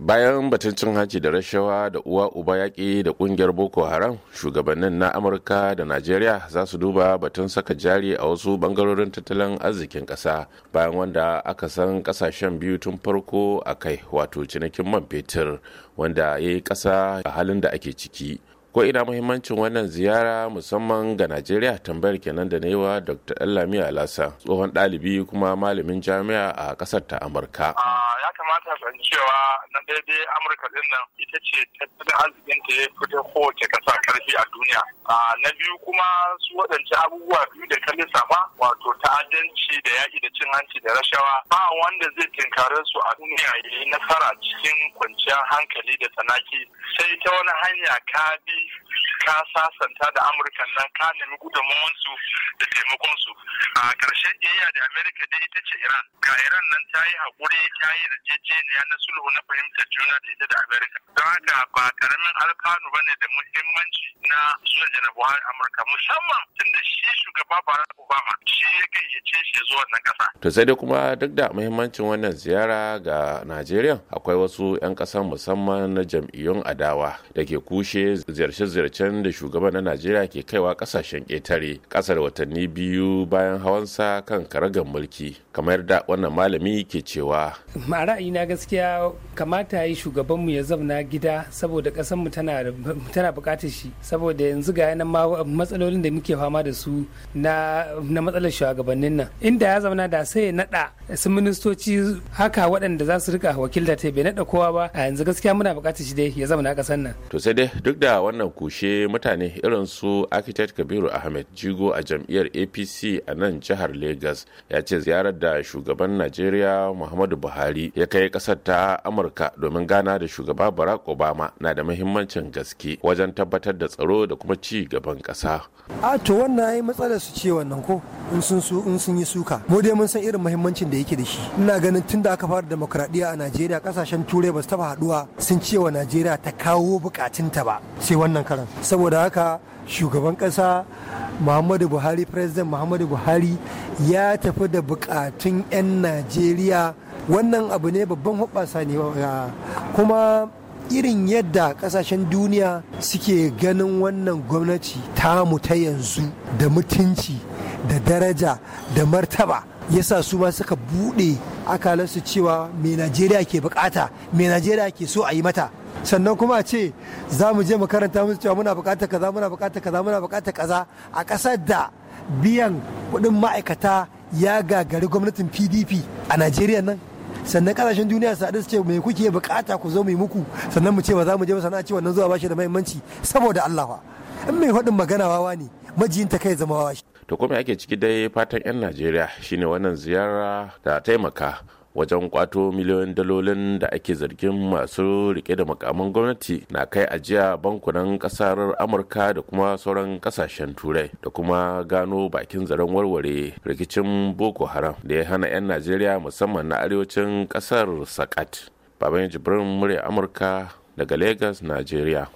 bayan batun cin hanci da rashawa da uwa uba yaƙi da ƙungiyar boko haram shugabannin na amurka da najeriya za su duba batun saka jari a wasu bangarorin tattalin arzikin ƙasa bayan wanda aka san ƙasashen biyu tun farko a kai wato cinikin man fetur wanda ya yi ƙasa a halin da ake ciki ko ina muhimmancin wannan ziyara musamman ga najeriya tambayar kenan da na yi wa dr allami alasa tsohon ɗalibi kuma malamin jami'a a ƙasar ta amurka kamata san cewa na daidai amurka din nan ita ce tattalin arzikin ta ya fita kowace kasa karfi a duniya na biyu kuma su waɗance abubuwa biyu da ka ba, wato ta'addanci da yaƙi da cin hanci da rashawa ba wanda zai tinkare su a duniya ya yi nasara cikin kwanciyar hankali da tsanaki sai ta wani hanya ka bi ka sasanta da amurka nan ka nemi gudunmawansu da su. a ƙarshen iya da amerika dai ita ce iran ga iran nan ta yi haƙuri ta yi yarjejeniya na sulhu na fahimtar juna da ita da amerika don haka ba karamin kano bane da muhimmanci na zuwa jana buhari amurka musamman da shi shugaba barack obama shi ya gayyace shi ya zo wannan kasa to sai dai kuma duk da muhimmancin wannan ziyara ga najeriya akwai wasu 'yan ƙasa musamman na jam'iyyun adawa da ke kushe ziyarce-ziyarcen da shugaban na najeriya ke kaiwa ƙasashen ƙetare ƙasar watanni biyu bayan hawansa kan karagar mulki kamar da wannan malami ke cewa a ra'ayina gaskiya kamata ya yi shugabanmu ya zauna gida saboda ƙasarmu tana bukatar shi saboda yanzu ga yanan matsalolin da muke fama da su na matsalar shugabannin nan inda ya zauna da sai ya nada su ministoci haka waɗanda za su rika wakilta ta bai nada kowa ba a yanzu gaskiya muna bukatar shi dai ya zauna ƙasar nan to sai dai duk da wannan kushe mutane irin su architect Kabiru Ahmed Jigo a jam'iyyar APC a nan jihar Lagos ya ce ziyarar da shugaban Najeriya Muhammadu Buhari ya kai ƙasar ta Amurka domin gana da shugaba Barack Obama na da muhimmanci muhimmancin gaske wajen tabbatar da tsaro da kuma ci gaban ƙasa. a to wannan ya yi matsalar su ce wannan ko in sun yi suka mu dai mun san irin muhimmancin da yake da shi ina ganin tun da aka fara demokradiyya a najeriya kasashen turai ba su taba haduwa sun ce wa najeriya ta kawo ta ba sai wannan karan saboda haka shugaban kasa muhammadu buhari president muhammadu buhari ya tafi da bukatun 'yan najeriya wannan abu ne babban hoɓɓasa ne kuma irin yadda kasashen duniya suke ganin wannan gwamnati tamu ta yanzu da mutunci da daraja da martaba yasa su ma suka buɗe akalarsu cewa mai najeriya ke bukata mai najeriya ke so a yi mata sannan kuma a ce za mu je makaranta musu cewa muna bukata kaza muna bukata kaza muna bukata kaza a ƙasar da biyan kuɗin ma'aikata ya gagari gwamnatin pdp a najeriya nan sannan kasashen duniya su haɗu su ce me kuke bukata ku zo mu yi muku sannan mu ce ba za mu je ba sannan ce wannan zuwa ba da muhimmanci saboda Allah fa in mai faɗin magana wawa ne ta kai zama wawa shi to kuma ake ciki dai fatan 'yan najeriya shine wannan ziyara da taimaka wajen kwato miliyoyin dalolin da ake zargin masu rike da makaman gwamnati na kai ajiya bankunan kasar amurka da kuma sauran kasashen turai da kuma gano bakin zaren warware rikicin boko haram da ya hana 'yan najeriya musamman na arewacin kasar sakat baban jibrin murya amurka daga lagos najeriya